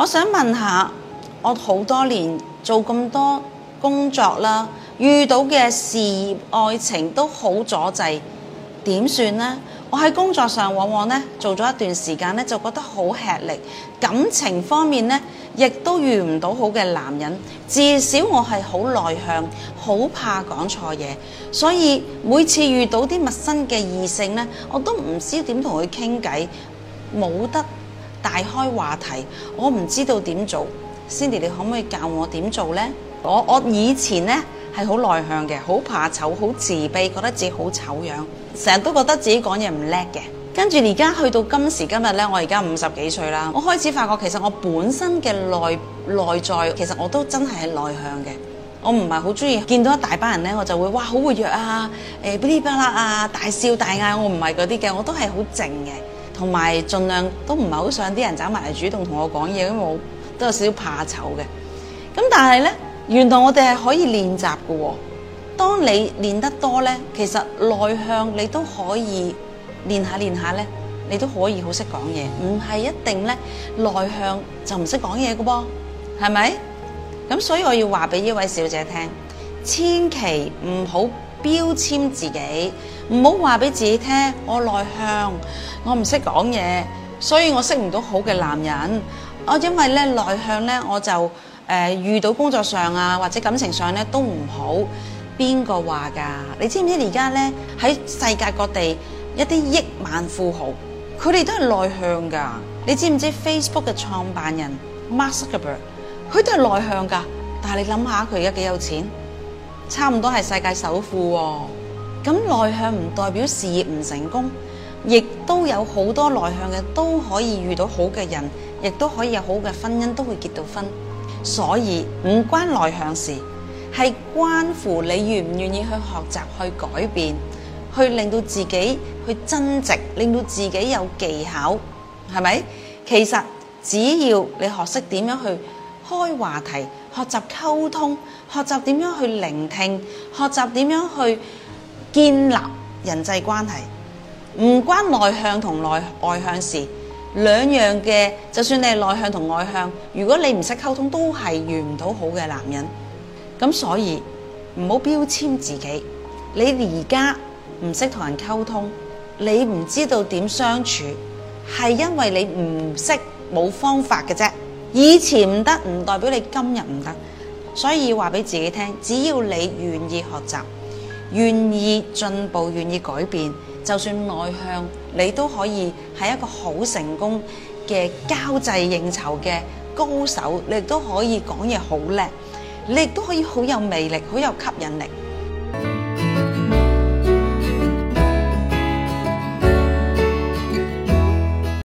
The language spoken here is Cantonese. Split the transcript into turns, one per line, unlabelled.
我想問下，我好多年做咁多工作啦，遇到嘅事業、愛情都好阻滯，點算呢？我喺工作上往往呢做咗一段時間呢，就覺得好吃力。感情方面呢，亦都遇唔到好嘅男人。至少我係好內向，好怕講錯嘢，所以每次遇到啲陌生嘅異性呢，我都唔知點同佢傾偈，冇得。大開話題，我唔知道點做，Cindy 你可唔可以教我點做呢？我我以前呢係好內向嘅，好怕醜，好自卑，覺得自己好醜樣，成日都覺得自己講嘢唔叻嘅。跟住而家去到今時今日呢，我而家五十幾歲啦，我開始發覺其實我本身嘅內內在其實我都真係係內向嘅，我唔係好中意見到一大班人呢，我就會哇好活躍啊，誒，噼里啪啦啊，大笑大嗌，我唔係嗰啲嘅，我都係好靜嘅。同埋，儘量都唔係好想啲人走埋嚟主動同我講嘢，因為我都有少少怕醜嘅。咁但係呢，原來我哋係可以練習嘅。當你練得多呢，其實內向你都可以練下練下呢，你都可以好識講嘢，唔係一定呢，內向就唔識講嘢嘅噃，係咪？咁所以我要話俾呢位小姐聽，千祈唔好。標籤自己，唔好話俾自己聽，我內向，我唔識講嘢，所以我識唔到好嘅男人。我因為咧內向咧，我就誒、呃、遇到工作上啊或者感情上咧都唔好。邊個話噶？你知唔知而家咧喺世界各地一啲億萬富豪，佢哋都係內向噶。你知唔知 Facebook 嘅創辦人 Mark z c k e r b e r 佢都係內向噶？但係你諗下，佢而家幾有錢？差唔多係世界首富喎，哦，咁內向唔代表事業唔成功，亦都有好多內向嘅都可以遇到好嘅人，亦都可以有好嘅婚姻，都會結到婚。所以唔關內向事，係關乎你願唔願意去學習、去改變、去令到自己去增值，令到自己有技巧，係咪？其實只要你學識點樣去。開話題，學習溝通，學習點樣去聆聽，學習點樣去建立人際關係，唔關內向同內外向事。兩樣嘅，就算你係內向同外向，如果你唔識溝通，都係遇唔到好嘅男人。咁所以唔好標籤自己，你而家唔識同人溝通，你唔知道點相處，係因為你唔識，冇方法嘅啫。以前唔得唔代表你今日唔得，所以話俾自己聽，只要你願意學習、願意進步、願意改變，就算內向，你都可以係一個好成功嘅交際應酬嘅高手，你都可以講嘢好叻，你亦都可以好有魅力、好有吸引力。